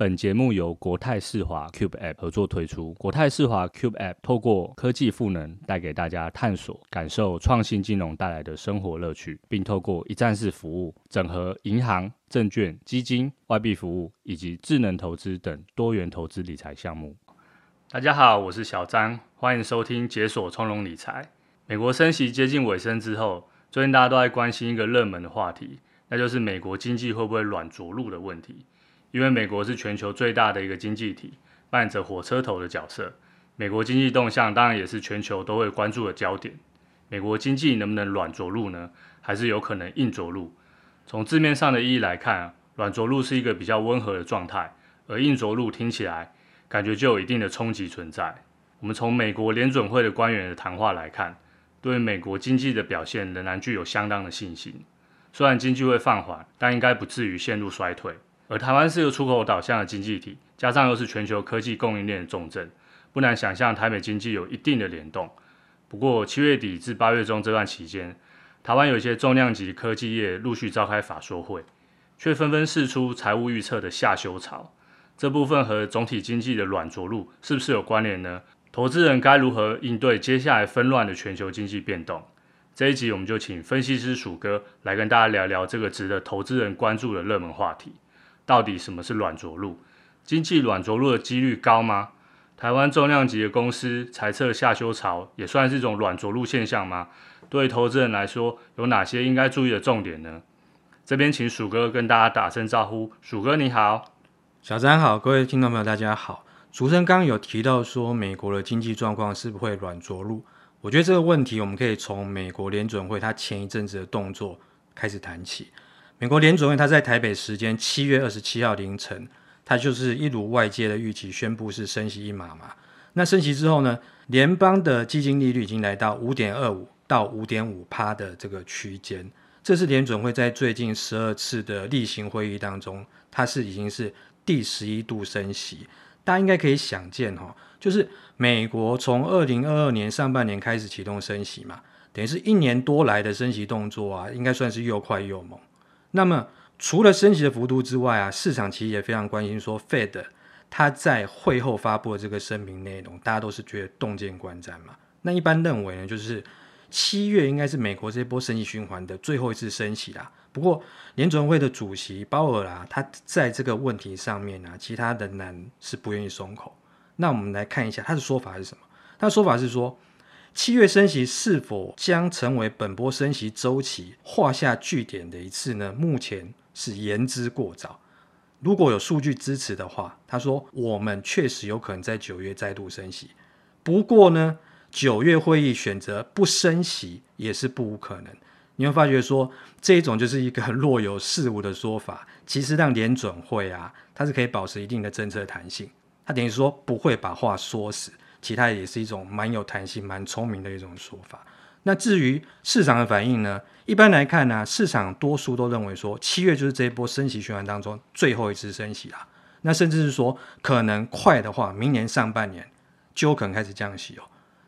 本節目由國泰世華 Cube App 合作推出。國泰世華 Cube App 透過科技賦能，帶給大家探索、感受創新金融帶來的生活樂趣，並透過一站式服務，整合銀行、證券、基金、外幣服務以及智能投資等多元投資理財項目。大家好，我是小張，歡迎收聽《解鎖從容理財》。美國升息接近尾聲之後，最近大家都在關心一個熱門的話題，那就是美國經濟會不會軟着陸的問題。因為美國是全球最大的一個經濟體，扮演着火車頭的角色。美國經濟動向當然也是全球都會關注的焦點。美國經濟能不能軟着陸呢？還是有可能硬着陸？從字面上的意義來看，軟着陸是一個比較溫和的狀態，而硬着陸聽起來感覺就有一定的衝擊存在。我們從美國聯準會的官員的談話來看，對美國經濟的表現仍然具有相當的信心。雖然經濟會放緩，但應該不至於陷入衰退。而台灣是一個出口導向的經濟體，加上又是全球科技供應鏈的重鎮，不難想象台美經濟有一定的聯動。不過，七月底至八月中這段期間，台灣有一些重量級科技業陸續召開法說會，卻紛紛釋出財務預測的下修潮。這部分和總體經濟的軟着陸是不是有關聯呢？投資人該如何應對接下來紛亂的全球經濟變動？這一集我們就請分析師鼠哥來跟大家聊聊這個值得投資人關注的熱門話題。到底什麼是軟着陸？經濟軟着陸的幾率高嗎？台灣重量級的公司財測下修潮，也算是一種軟着陸現象嗎？對投資人來說，有哪些應該注意的重點呢？這邊請鼠哥跟大家打聲招呼，鼠哥你好，小詹好，各位聽眾朋友大家好。鼠生剛剛有提到說，美國的經濟狀況是不會軟着陸，我覺得這個問題我們可以從美國聯準會他前一陣子的動作開始談起。美國聯準會，他在台北時間七月二十七號凌晨，他就是一如外界的預期，宣布是升息一碼嘛。那升息之後呢，聯邦的基金利率已經來到五點二五到五點五趴的這個區間。這次聯準會在最近十二次的例行會議當中，它是已經是第十一度升息。大家應該可以想見哈、哦，就是美國從二零二二年上半年開始啟動升息嘛，等於是一年多來的升息動作啊，應該算是又快又猛。那麼，除了升息的幅度之外啊，市場其實也非常關心說，Fed 它在會後發布的這個聲明內容，大家都是覺得動見觀瞻嘛。那一般認為呢，就是七月應該是美國這波升息循環的最後一次升息啦。不過，聯儲會的主席鮑爾啦、啊，他在這個問題上面呢、啊，其他仍然是不願意鬆口。那我們來看一下他的說法是什麼？他的說法是說。七月升息是否將成為本波升息周期畫下句點的一次呢？目前是言之過早。如果有數據支持的話，他說我們確實有可能在九月再度升息。不過呢，九月會議選擇不升息也是不無可能。你會發覺說這一種就是一個若有似無的說法，其實讓聯準會啊，它是可以保持一定的政策彈性，它等於說不會把話說死。其他也是一種蠻有彈性、蠻聰明的一種說法。那至於市場的反應呢？一般來看呢、啊，市場多數都認為說，七月就是這一波升息循環當中最後一次升息了、啊。那甚至是說，可能快的話，明年上半年就可能開始降息哦。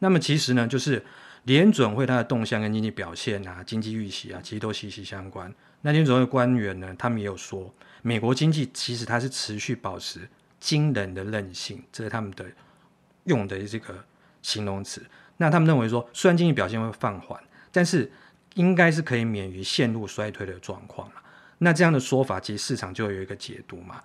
那麼其實呢，就是聯準會它的動向跟經濟表現啊、經濟預期啊，其實都息息相關。那聯準會官員呢，他們也有說，美國經濟其實它是持續保持驚人的韌性，這是他們的。用的這個形容詞，那他們認為說，雖然經濟表現會放緩，但是應該是可以免於陷入衰退的狀況嘛。那這樣的說法，其實市場就有一個解讀嘛。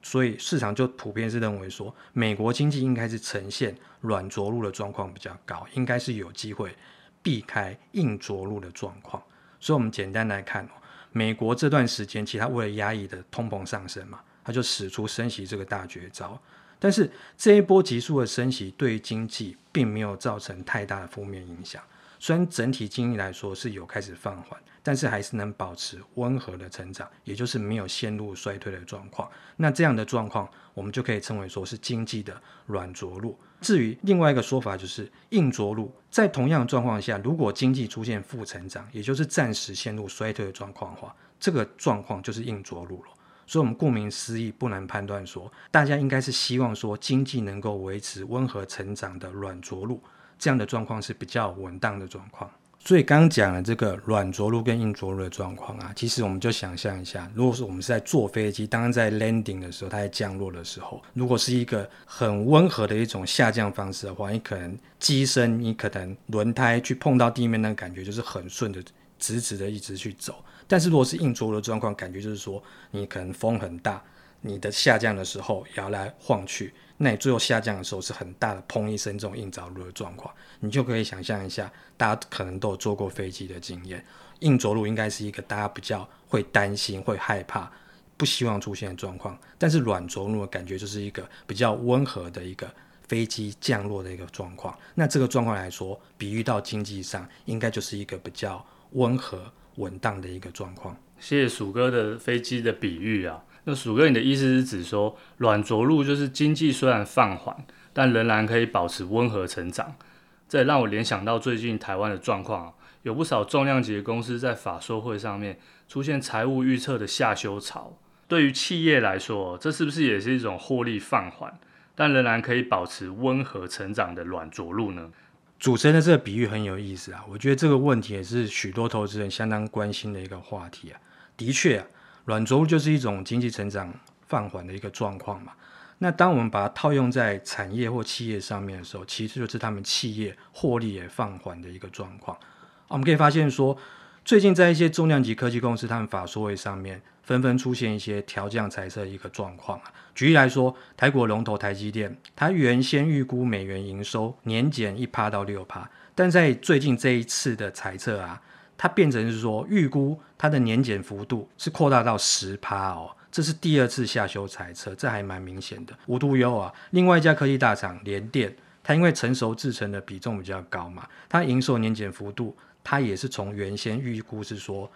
所以市場就普遍是認為說，美國經濟應該是呈現軟着陸的狀況比較高，應該是有機會避開硬着陸的狀況。所以，我們簡單來看哦，美國這段時間，其實它為了壓抑的通膨上升嘛，他就使出升息這個大絕招。但是這一波急速的升息對於經濟並沒有造成太大的負面影響，雖然整體經濟來說是有開始放緩，但是還是能保持溫和的成長，也就是沒有陷入衰退的狀況。那這樣的狀況，我們就可以稱為說是經濟的軟着陸。至於另外一個說法就是硬着陸，在同樣的狀況下，如果經濟出現負成長，也就是暫時陷入衰退的狀況的話，這個狀況就是硬着陸了。所以，我們顧名思義，不難判斷說，大家應該是希望說，經濟能夠維持溫和成長的軟着陸，這樣的狀況是比較穩當的狀況。所以，剛剛講了這個軟着陸跟硬着陸的狀況啊，其實我們就想象一下，如果說我們是在坐飛機，當然在 landing 的時候，它在降落的時候，如果是一個很溫和的一種下降方式的話，你可能機身，你可能輪胎去碰到地面那個感覺就是很順的。直直的一直去走，但是如果是硬着陸的狀況，感覺就是說你可能風很大，你的下降的時候搖來晃去，那你最後下降的時候是很大的砰一聲，這種硬着陸的狀況，你就可以想象一下，大家可能都有坐過飛機的經驗，硬着陸應該是一個大家比較會擔心、會害怕、不希望出現的狀況。但是軟着陸的感覺就是一個比較溫和的一個飛機降落的一個狀況。那這個狀況來說，比喻到經濟上，應該就是一個比較。溫和穩當的一個狀況。謝謝鼠哥的飛機的比喻啊。那鼠哥，你的意思是指說軟着陸就是經濟雖然放緩，但仍然可以保持溫和成長。這也讓我聯想到最近台灣的狀況啊，有不少重量級的公司在法說會上面出現財務預測的下修潮。對於企業來說，這是不是也是一種獲利放緩，但仍然可以保持溫和成長的軟着陸呢？主持人的這個比喻很有意思啊，我覺得這個問題也是許多投資人相當關心的一個話題啊。的確啊，軟着陸就是一種經濟成長放緩的一個狀況嘛。那當我們把它套用在產業或企業上面的時候，其實就是他們企業獲利也放緩的一個狀況。啊，我們可以發現說。最近在一些重量級科技公司，他們法說會上面，紛紛出現一些調降財測一個狀況啊。舉例來說，台股龍頭台積電，它原先預估美元營收年減一趴到六趴，但在最近這一次的財測啊，它變成是說預估它的年減幅度是擴大到十趴哦。這是第二次下修財測，這還蠻明顯的。無獨有偶啊，另外一家科技大廠聯電，它因為成熟製程的比重比較高嘛，它營收年減幅度。它也是從原先預估是說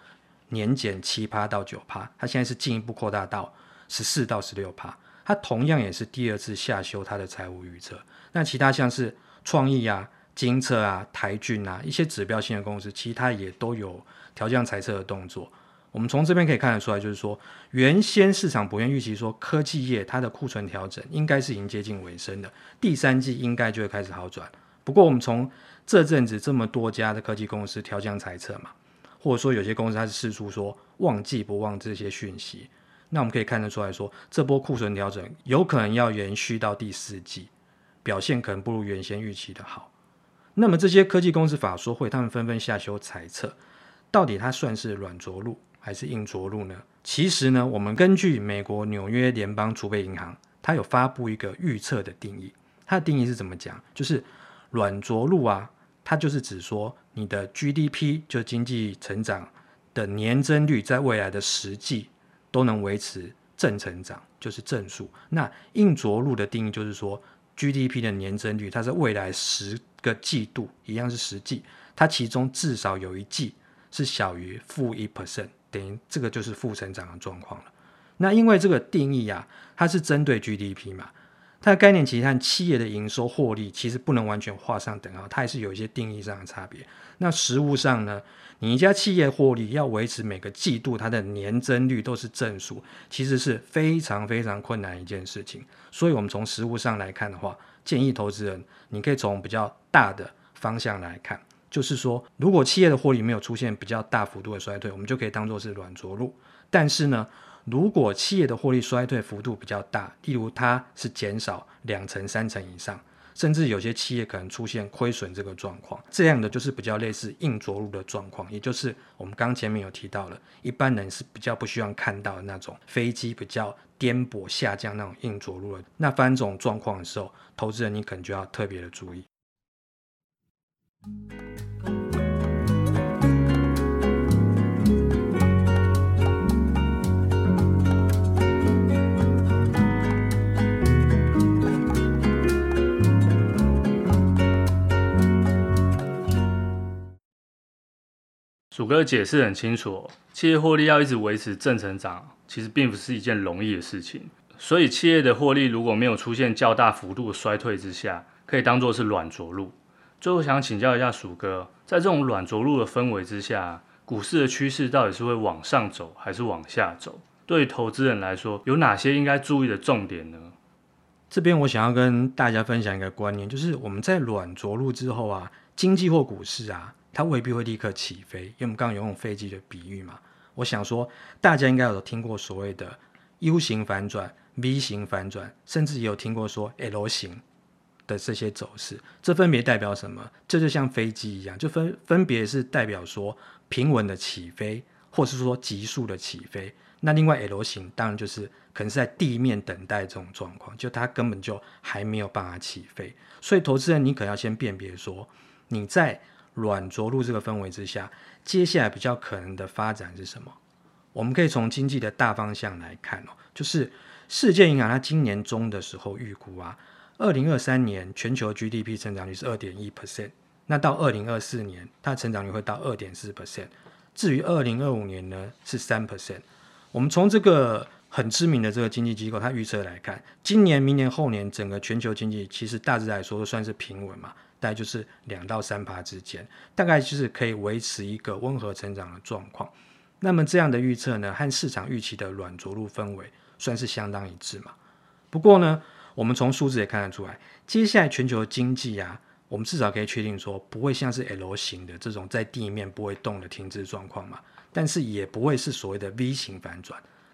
年減七趴到九趴，它現在是進一步擴大到十四到十六趴。它同樣也是第二次下修它的財務預測。那其他像是創意啊、精測啊、台郡啊一些指標性的公司，其實它也都有調降財測的動作。我們從這邊可以看得出來，就是說原先市場不願預期說科技業它的庫存調整應該是已經接近尾聲的，第三季應該就會開始好轉。不過我們從這陣子這麼多家的科技公司調降財測嘛，或者說有些公司它是試圖說忘記不忘這些訊息，那我們可以看得出來說，這波庫存調整有可能要延續到第四季，表現可能不如原先預期的好。那麼這些科技公司法說會，他們紛紛下修財測，到底它算是軟着陸還是硬着陸呢？其實呢，我們根據美國紐約聯邦儲備銀行，它有發布一個預測的定義，它的定義是怎麼講？就是軟着陸啊。它就是指說，你的 GDP 就經濟成長的年增率，在未來的十季都能維持正成長，就是正數。那硬着陸的定義就是說，GDP 的年增率，它在未來十個季度一樣是十季，它其中至少有一季是小於負一 percent，等於這個就是負成長的狀況了。那因為這個定義啊，它是針對 GDP 嘛。它的概念其實和企業的營收、獲利其實不能完全畫上等號，它也是有一些定義上的差別。那實務上呢，你一家企業獲利要維持每個季度它的年增率都是正數，其實是非常非常困難一件事情。所以，我們從實務上來看的話，建議投資人你可以從比較大的方向來看，就是說，如果企業的獲利沒有出現比較大幅度的衰退，我們就可以當做是軟着陸。但是呢，如果企業的獲利衰退幅度比較大，例如它是減少兩成、三成以上，甚至有些企業可能出現虧損這個狀況，這樣的就是比較類似硬着陸的狀況，也就是我們剛前面有提到了，一般人是比較不希望看到的那種飛機比較顛簸下降那種硬着陸的，那發生這種狀況的時候，投資人你可能就要特別的注意。鼠哥解釋很清楚，企業獲利要一直維持正成長，其實並不是一件容易的事情。所以企業的獲利如果沒有出現較大幅度的衰退之下，可以當做是軟着陸。最後想請教一下鼠哥，在這種軟着陸的氛圍之下，股市的趨勢到底是會往上走還是往下走？對於投資人來說，有哪些應該注意的重點呢？這邊我想要跟大家分享一個觀念，就是我們在軟着陸之後啊，經濟或股市啊。它未必會立刻起飛，因為我們剛剛有用飛機的比喻嘛。我想說，大家應該有聽過所謂的 U 型反轉、V 型反轉，甚至也有聽過說 L 型的這些走勢，這分別代表什麼？這就像飛機一樣，就分分別是代表說平穩的起飛，或是說急速的起飛。那另外 L 型當然就是可能是在地面等待這種狀況，就它根本就還沒有辦法起飛。所以，投資人你可能要先辨別說你在。軟着陸這個氛圍之下，接下來比較可能的發展是什麼？我們可以從經濟的大方向來看哦，就是世界銀行它今年中的時候預估啊，二零二三年全球 GDP 成長率是二點一 percent，那到二零二四年，它成長率會到二點四 percent，至於二零二五年呢是三 percent。我們從這個。很知名的這個經濟機構，它預測來看，今年、明年、後年，整個全球經濟其實大致來說都算是平穩嘛，大概就是兩到三趴之間，大概就是可以維持一個溫和成長的狀況。那麼這樣的預測呢，和市場預期的軟着陸氛圍算是相當一致嘛。不過呢，我們從數字也看得出來，接下來全球經濟啊，我們至少可以確定說，不會像是 L 型的這種在地面不會動的停滯狀況嘛，但是也不會是所謂的 V 型反轉。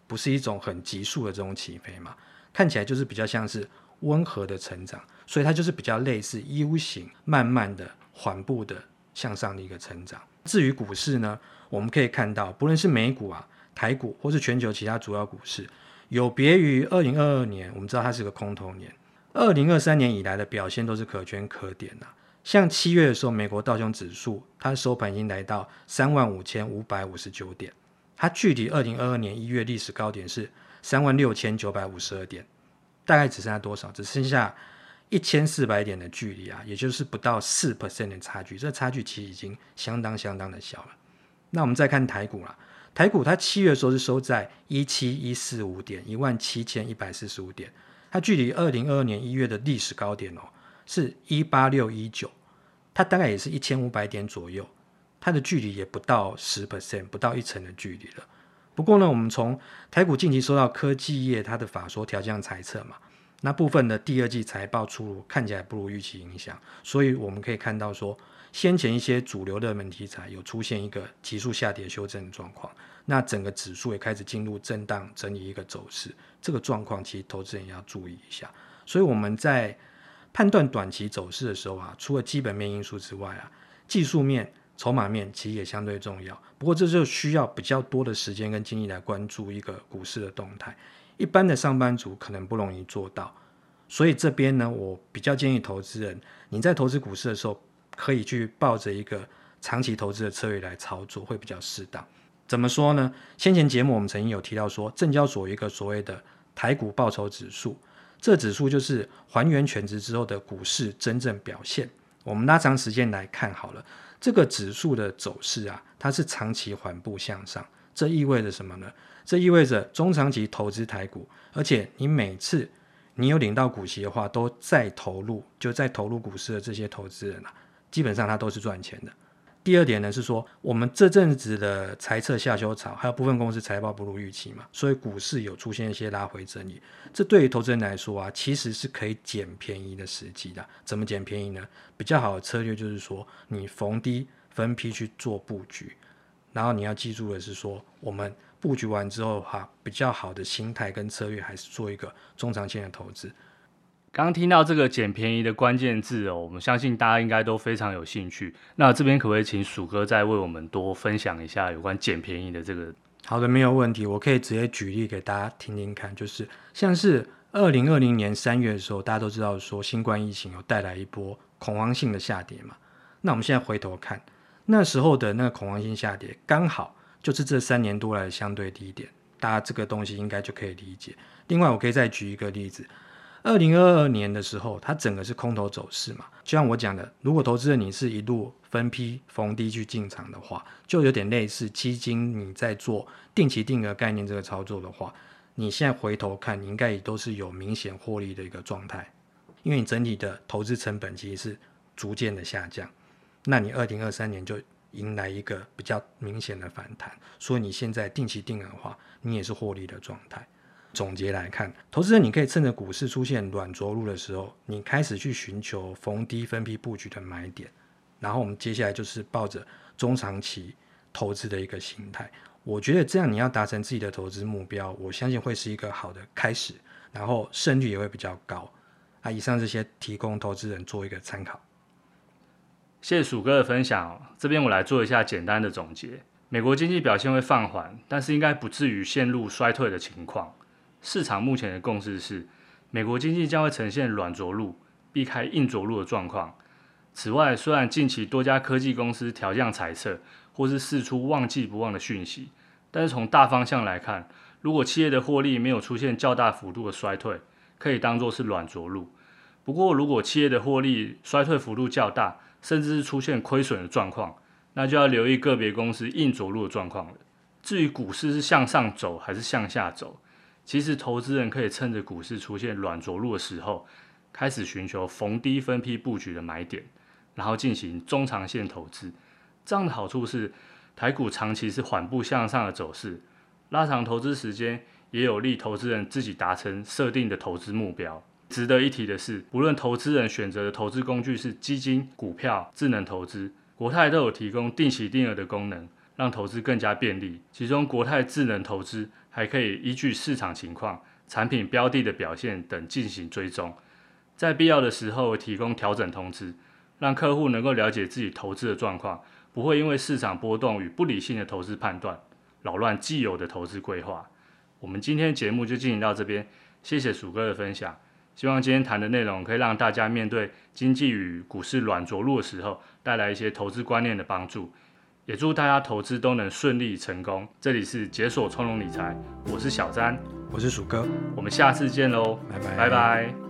不是一種很急速的這種起飛嘛？看起來就是比較像是溫和的成長，所以它就是比較類似 U 型，慢慢的、緩步的向上的一個成長。至於股市呢，我們可以看到，不論是美股啊、台股或是全球其他主要股市，有別於二零二二年，我們知道它是個空頭年，二零二三年以來的表現都是可圈可點吶、啊。像七月的時候，美國道瓊指數，它收盤已經來到三萬五千五百五十九點。它距離二零二二年一月歷史高點是三萬六千九百五十二點，大概只剩下多少？只剩下一千四百點的距離啊，也就是不到四 percent 的差距。這差距其實已經相當相當的小了。那我們再看台股啦，台股它七月的時候是收在一七一四五點，一萬七千一百四十五點。它距離二零二二年一月的歷史高點哦是一八六一九，它大概也是一千五百點左右。它的距離也不到十 percent，不到一成的距離了。不過呢，我們從台股近期收到科技業它的法說調降財測嘛，那部分的第二季財報出爐看起來不如預期影響，所以我們可以看到說，先前一些主流熱門題材有出現一個急速下跌修正的狀況，那整個指數也開始進入震盪整理一個走勢。這個狀況其實投資人要注意一下。所以我們在判斷短期走勢的時候啊，除了基本面因素之外啊，技術面。籌碼面其實也相對重要，不過這就需要比較多的時間跟精力來關注一個股市的動態。一般的上班族可能不容易做到，所以這邊呢，我比較建議投資人，你在投資股市的時候，可以去抱着一個長期投資的策略來操作，會比較適當。怎麼說呢？先前節目我們曾經有提到說，證交所一個所謂的台股報酬指數，這指數就是還原權值之後的股市真正表現。我們拉長時間來看，好了。這個指數的走勢啊，它是長期緩步向上，這意味着什麼呢？這意味着中長期投資台股，而且你每次你有領到股息的話，都再投入，就再投入股市的這些投資人啊，基本上他都是賺錢的。第二點呢是說，我們這陣子的財測下修潮，還有部分公司財報不如預期嘛，所以股市有出現一些拉回整理，這對於投資人來說啊，其實是可以撿便宜的時機的。怎麼撿便宜呢？比較好的策略就是說，你逢低分批去做布局，然後你要記住的是說，我們布局完之後哈，比較好的心態跟策略還是做一個中長線的投資。剛聽到這個“撿便宜”的關鍵字哦，我們相信大家應該都非常有興趣。那這邊可不可以請鼠哥再為我們多分享一下有關“撿便宜”的這個？好的，沒有問題，我可以直接舉例給大家聽聽看，就是像是二零二零年三月的時候，大家都知道說新冠疫情有帶來一波恐慌性的下跌嘛。那我們現在回頭看那時候的那個恐慌性下跌，剛好就是這三年多來的相對低點，大家這個東西應該就可以理解。另外，我可以再舉一個例子。二零二二年的時候，它整個是空頭走勢嘛，就像我講的，如果投資者你是一路分批逢低去進場的話，就有點類似基金你在做定期定額概念這個操作的話，你現在回頭看，你應該也都是有明顯獲利的一個狀態，因為你整體的投資成本其實是逐漸的下降，那你二零二三年就迎來一個比較明顯的反彈，所以你現在定期定額的話，你也是獲利的狀態。總結來看，投資人，你可以趁着股市出現軟着陸的時候，你開始去尋求逢低分批布局的買點，然後我們接下來就是抱着中長期投資的一個心態。我覺得這樣，你要達成自己的投資目標，我相信會是一個好的開始，然後勝率也會比較高。啊，以上這些提供投資人做一個參考。謝謝鼠哥的分享，這邊我來做一下簡單的總結。美國經濟表現會放緩，但是應該不至於陷入衰退的情況。市場目前的共識是，美國經濟將會呈現軟着陸，避開硬着陸的狀況。此外，雖然近期多家科技公司調降財測，或是釋出旺季不旺的訊息，但是從大方向來看，如果企業的獲利沒有出現較大幅度的衰退，可以當做是軟着陸。不過，如果企業的獲利衰退幅度較大，甚至是出現虧損的狀況，那就要留意個別公司硬着陸的狀況了。至於股市是向上走還是向下走？其實，投資人可以趁着股市出現軟着陸的時候，開始尋求逢低分批布局的買點，然後進行中長線投資。這樣的好處是，台股長期是緩步向上的走勢，拉長投資時間也有利投資人自己達成設定的投資目標。值得一提的是，不論投資人選擇的投資工具是基金、股票、智能投資，國泰都有提供定期定額的功能，讓投資更加便利。其中，國泰智能投資。還可以依據市場情況、產品標的的表現等進行追蹤，在必要的時候提供調整通知，讓客戶能夠了解自己投資的狀況，不會因為市場波動與不理性的投資判斷擾亂既有的投資規劃。我們今天節目就進行到這邊，謝謝鼠哥的分享，希望今天談的內容可以讓大家面對經濟與股市軟着陸的時候帶來一些投資觀念的幫助。也祝大家投資都能順利成功。這裡是解鎖從容理財，我是小詹，我是鼠哥，我們下次見嘍，拜拜。拜拜。